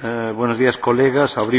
Buenos días, colegas.